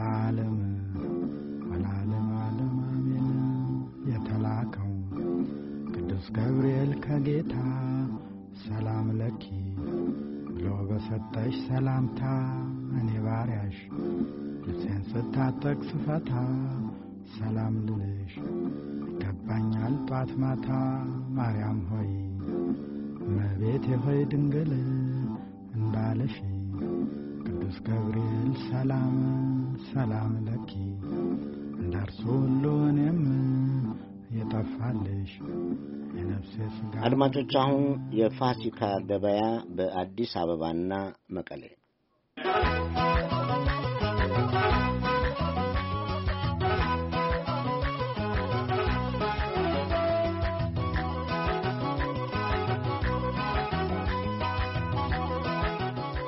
ለዓለም ወላለም ዓለም አሜን የተላከው ቅዱስ ገብርኤል ከጌታ ሰላም ለኪ ብሎ በሰጠሽ ሰላምታ እኔ ባሪያሽ ልብሴን ስታጠቅ ስፈታ ሰላም ልልሽ ይገባኛል ጧት ማታ ማርያም ሆይ መቤቴ ሆይ ድንግል እንዳለሽ ቅዱስ ገብርኤል ሰላም ሰላም ለኪ እንዳርሶ ሁሉንም የጠፋልሽ የነፍሴ ስጋ። አድማጮች አሁን የፋሲካ ገበያ በአዲስ አበባና መቀሌ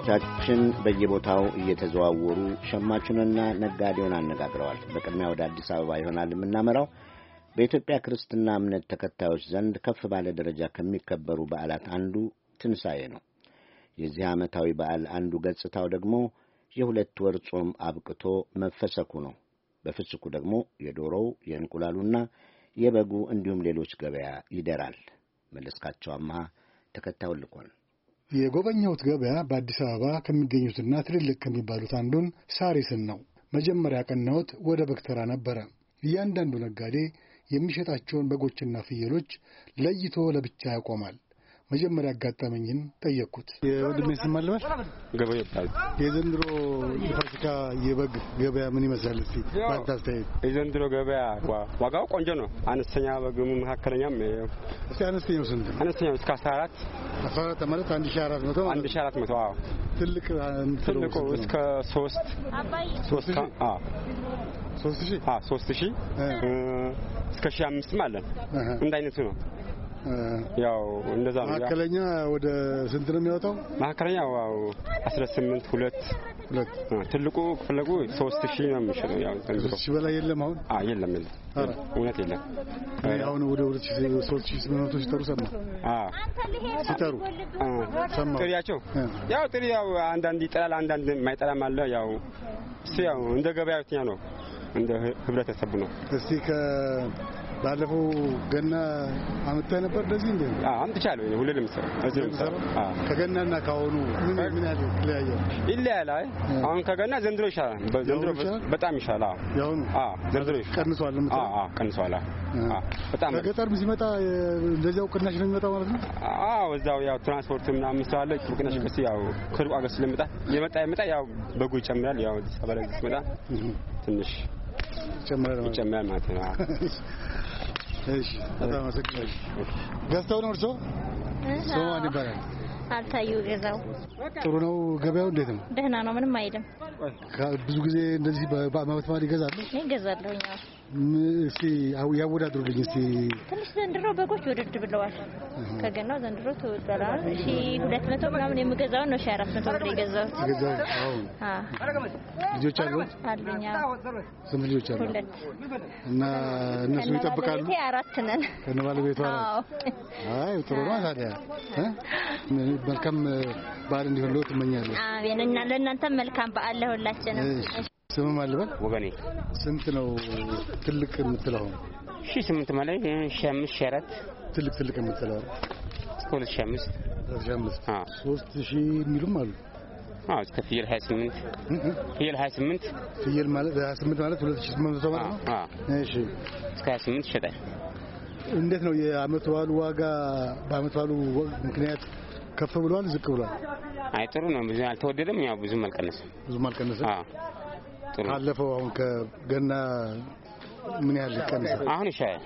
ዝግጅቶቻችን በየቦታው እየተዘዋወሩ ሸማቹንና ነጋዴውን አነጋግረዋል። በቅድሚያ ወደ አዲስ አበባ ይሆናል የምናመራው። በኢትዮጵያ ክርስትና እምነት ተከታዮች ዘንድ ከፍ ባለ ደረጃ ከሚከበሩ በዓላት አንዱ ትንሣኤ ነው። የዚህ ዓመታዊ በዓል አንዱ ገጽታው ደግሞ የሁለት ወር ጾም አብቅቶ መፈሰኩ ነው። በፍስኩ ደግሞ የዶሮው የእንቁላሉና የበጉ እንዲሁም ሌሎች ገበያ ይደራል። መለስካቸው አምሃ ተከታዩን ልኳል። የጎበኘሁት ገበያ በአዲስ አበባ ከሚገኙትና ትልልቅ ከሚባሉት አንዱን ሳሪስን ነው። መጀመሪያ ቀናሁት ወደ በግ ተራ ነበረ። እያንዳንዱ ነጋዴ የሚሸጣቸውን በጎችና ፍየሎች ለይቶ ለብቻ ያቆማል። መጀመሪያ ያጋጠመኝን ጠየቅኩት። የወንድሜ ስም አልበል የዘንድሮ የፋሲካ የበግ ገበያ ምን ይመስላል? እስቲ በአንተ አስተያየት። የዘንድሮ ገበያ ዋጋው ቆንጆ ነው። አነስተኛ በግ መካከለኛም። እስቲ አነስተኛው ስንት ነው? አነስተኛው እስከ አስራ አራት አስራ አራት ማለት አንድ ሺህ አራት መቶ አንድ ሺህ አራት መቶ አዎ። ትልቅ ትልቁ እስከ ሶስት ሶስት ሶስት ሺህ ሶስት ሺህ እስከ ሺህ አምስትም አለን። እንደ አይነቱ ነው ያው እንደዛ ነው። መካከለኛ ወደ ስንት ነው የሚወጣው? መካከለኛ ያው 18 ሁለት ሁለት ትልቁ ከፈለጉ 3000 ነው የሚሸጠው። ያው በላይ የለም አሁን። አዎ የለም የለም፣ እውነት የለም። አሁን ወደ 3800 ሲጠሩ ሰማ። አዎ ሲጠሩ ሰማ። ጥሪያቸው ያው ጥሪ ያው አንዳንድ ይጠላል፣ አንዳንድ የማይጠላም አለ። ያው እሱ ያው እንደ ገበያ ነው፣ እንደ ህብረተሰቡ ነው። እስቲ ከ ባለፈው ገና አመታ ነበር። እንደዚህ እንደ አምጥቻለሁ ሁሌ ለምሳሌ እዚህ ለምሳሌ ከገናና ከአሁኑ ምን ምን ያለ ይለያያል ይለያል። አይ አሁን ከገና ዘንድሮ ይሻላል፣ ዘንድሮ በጣም ይሻላል። ያሁኑ አዎ ዘንድሮ ይሻላል። ቀንሷል። አዎ አዎ ቀንሷል። አዎ በጣም ከገጠርም ሲመጣ እንደዚያው ቅናሽ ነው የሚመጣው ማለት ነው። አዎ እዛው ያው ትራንስፖርት ምናምን ስላለ ቅናሽ ቀስ ያው ከሩቅ አገር ስለሚመጣ የመጣ የመጣ ያው በጉ ይጨምራል። ያው ሰበለ ሲመጣ ትንሽ ይጨምራል ማለት ነው። እሺ፣ በጣም አመሰግናለሁ። ገዝተው ነው እርሶ? ሶማን ይባላል። አልታዩ ገዛው። ጥሩ ነው። ገበያው እንዴት ነው? ደህና ነው። ምንም አይልም። ብዙ ጊዜ እንደዚህ በአመት በዓል ይገዛሉ? እኔ እገዛለሁ። እስቲ ያወዳድሩልኝ እስቲ ትንሽ ዘንድሮ በጎች ውድድ ብለዋል። ከገናው ዘንድሮ ተወጥረዋል። እሺ ሁለት መቶ ምናምን የምገዛው ነው ሺ አራት መቶ ብር የገዛሁት። ልጆች አሉት አሉኝ። ስንት ልጆች አሉ? ሁለት። እና እነሱ ይጠብቃሉ? አራት ነን ከነ ባለቤቷ። አይ ጥሩ ነው ታዲያ። መልካም በዓል እንዲሆን ለው ትመኛለሁ። አሜን። እና ለእናንተም መልካም በዓል ለሁላችንም። ስምም አልበል ወገኔ ስንት ነው ትልቅ የምትለው? ሺ ስምንት ማለት ሺ አምስት ሺ አራት ትልቅ ትልቅ የምትለው ሁለት ሺ አምስት ሁለት ሺ አምስት ሶስት ሺ የሚሉም አሉ። እስከ ፍየል ሀያ ስምንት ፍየል ሀያ ስምንት ፍየል ማለት ሀያ ስምንት ማለት ሁለት ሺ ስምንት መቶ ማለት ነው። እሺ እስከ ሀያ ስምንት ይሸጣል። እንዴት ነው የአመት በዓሉ ዋጋ? በአመት በዓሉ ምክንያት ከፍ ብሏል ዝቅ ብሏል? አይ ጥሩ ነው። ብዙ አልተወደደም። ያው ብዙም አልቀነሰም። ብዙም አልቀነሰም። ካለፈው አሁን ከገና ምን ያህል ቀንስ? አሁን ይሻላል።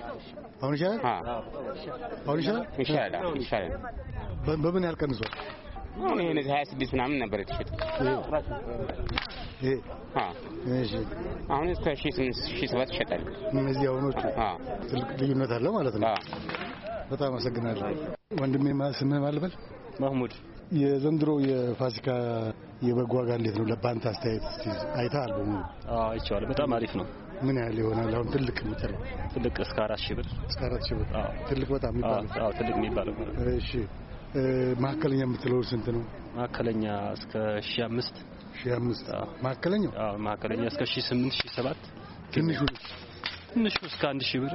አሁን ይሻላል። አሁን ይሻላል። ይሻላል። ይሻላል። በምን ያህል ቀንሷል? አሁን ይሄ ሀያ 26 ምናምን ነበር የተሸጠው። አሁን እስከ ሺህ ሰባት ይሸጣል። እነዚህ አሁኖቹ ትልቅ ልዩነት አለው ማለት ነው። በጣም አመሰግናለሁ ወንድሜ። ስምህ ማልበል? ማህሙድ። የዘንድሮ የፋሲካ የበጎ ዋጋ እንዴት ነው? በአንተ አስተያየት እስቲ አይተሃል? አይቼዋለሁ። በጣም አሪፍ ነው። ምን ያህል ይሆናል? አሁን ትልቅ የሚጠለው ትልቅ እስከ አራት ሺህ ብር እስከ አራት ሺህ ብር ትልቅ በጣም የሚባለው ትልቅ የሚባለው። እሺ መካከለኛ የምትለው ስንት ነው? መካከለኛ እስከ ሺህ አምስት ሺህ አምስት መካከለኛው መካከለኛ እስከ ሺህ ስምንት ሺህ ሰባት ትንሹ ትንሹ እስከ አንድ ሺህ ብር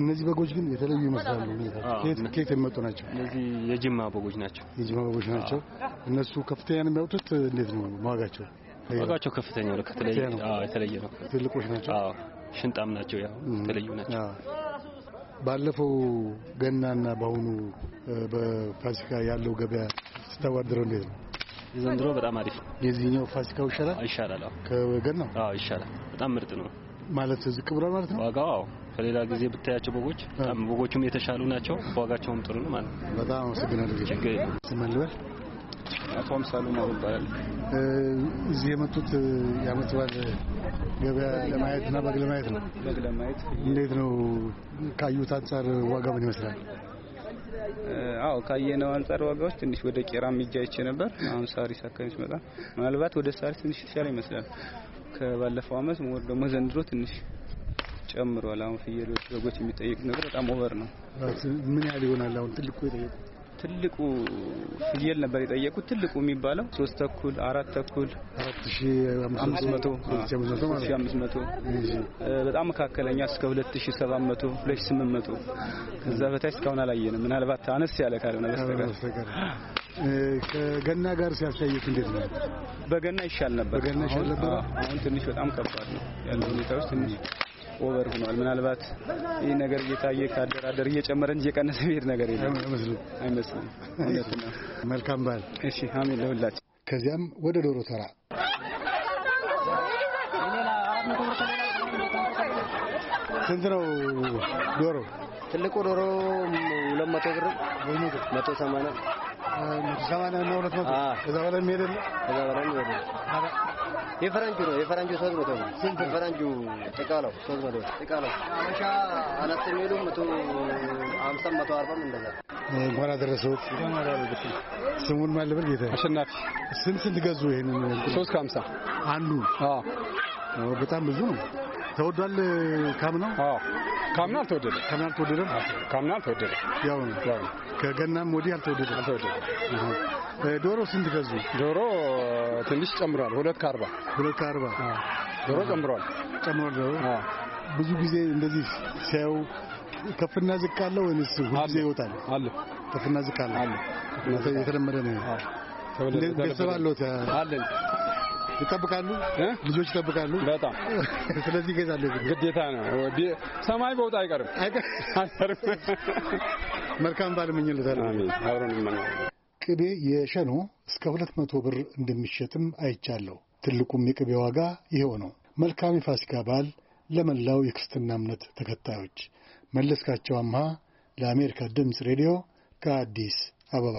እነዚህ በጎች ግን የተለዩ ይመስላሉ። ከየት የሚመጡ ናቸው? እነዚህ የጅማ በጎች ናቸው። የጅማ በጎች ናቸው። እነሱ ከፍተኛ ነው የሚያወጡት። እንዴት ነው ዋጋቸው? ዋጋቸው ከፍተኛ ነው። ከተለየ የተለየ ነው። ትልቆች ናቸው። ሽንጣም ናቸው። ያው የተለዩ ናቸው። ባለፈው ገናና በአሁኑ በፋሲካ ያለው ገበያ ስታወዳድረው እንዴት ነው? የዘንድሮ በጣም አሪፍ ነው። የዚህኛው ፋሲካው ይሻላል። ይሻላል ከገናው? ይሻላል። በጣም ምርጥ ነው ማለት ዝቅ ብሏል ማለት ነው ዋጋው። ከሌላ ጊዜ ብታያቸው በጎች በጣም በጎቹም የተሻሉ ናቸው። በዋጋቸውም ጥሩ ነው ማለት ነው። በጣም አመሰግናለሁ። ችግር የለም። ስምን ልበል? አቶ አምሳሉ ማሩ ይባላል። እዚህ የመጡት የዓመት በዓል ገበያ ለማየት እና በግ ለማየት ነው። በግ ለማየት እንዴት ነው ካዩት አንጻር ዋጋ ምን ይመስላል? አዎ ካየነው አንጻር ዋጋዎች ትንሽ ወደ ቄራ ሚጃ ይቼ ነበር። አሁን ሳሪስ አካባቢ ሲመጣ ምናልባት ወደ ሳሪስ ትንሽ የተሻለ ይመስላል ከባለፈው ዓመት ደግሞ ዘንድሮ ትንሽ ጨምሯል። አሁን ፍየሎች፣ በጎች የሚጠየቁት ነገር በጣም ኦቨር ነው። ምን ያህል ይሆናል? አሁን ትልቁ የጠየቁት ትልቁ ፍየል ነበር የጠየቁት። ትልቁ የሚባለው ሶስት ተኩል አራት ተኩል አራት ሺ አምስት መቶ አምስት መቶ በጣም መካከለኛ እስከ ሁለት ሺ ሰባት መቶ ሁለት ሺ ስምንት መቶ ከዛ በታች እስካሁን አላየንም። ምናልባት አነስ ያለ ካልሆነ በስተቀር ከገና ጋር ሲያስተያዩት እንዴት ነው? በገና ይሻል ነበር። አሁን ትንሽ በጣም ከባድ ነው ያለው ሁኔታ ውስጥ ትንሽ ኦቨር ሆኗል። ምናልባት ይህ ነገር እየታየ ካደራደር እየጨመረ እንጂ የቀነሰ ብሄድ ነገር የለም አይመስልም። መልካም በዓል። እሺ፣ አሜን ለሁላችን። ከዚያም ወደ ዶሮ ተራ ስንት ነው ዶሮ? ትልቁ ዶሮ ሁለት መቶ ብር መቶ ሰማንያ መቶ ሰማንያ እና ሁለት መቶ ከዛ በላይ የሚሄድ ከዛ በላይ የሚሄድ የፈረንጁ ነው የፈረንጁ ሶስት መቶ ነው። የፈረንጁ ጥቃ ነው ሶስት መቶ ጥቃ ነው። አመሻ አነስ የሚሉ መቶ አምሳ መቶ አርባም እንደዛ። እንኳን አደረሰው ስሙን ማለበል ጌታ አሸናፊ ስንት ስንት ገዙ? ይሄንን ሶስት ከሀምሳ አንዱ በጣም ብዙ ነው። ተወዷል። ካም ነው ካምና አልተወደደ ካምና አልተወደደ ካምና አልተወደደ ያው ነው ያው ነው። ከገናም ወዲህ አልተወደደ አልተወደደ። ዶሮ ስንት ገዙ? ዶሮ ትንሽ ጨምሯል። ሁለት ከአርባ ሁለት ከአርባ ዶሮ ጨምሯል ጨምሯል። ዶሮ ብዙ ጊዜ እንደዚህ ሲያዩ ከፍና ዝቅ አለ ወይስ ሁሉ ጊዜ ይወጣል? አለ ከፍና ዝቅ አለ አለ። የተለመደ ነው። ቤተሰብ አለዎት? አለን ይጠብቃሉ፣ ልጆች ይጠብቃሉ። በጣም ስለዚህ ይገዛሉ። ግዴታ ነው። ሰማይ በውጥ አይቀርም አይቀርም። መልካም በዓል እመኝልታለሁ። ቅቤ የሸኖ እስከ ሁለት መቶ ብር እንደሚሸጥም አይቻለሁ። ትልቁም የቅቤ ዋጋ ይኸው ነው። መልካም የፋሲካ በዓል ለመላው የክርስትና እምነት ተከታዮች። መለስካቸው አምሃ ለአሜሪካ ድምፅ ሬዲዮ ከአዲስ አበባ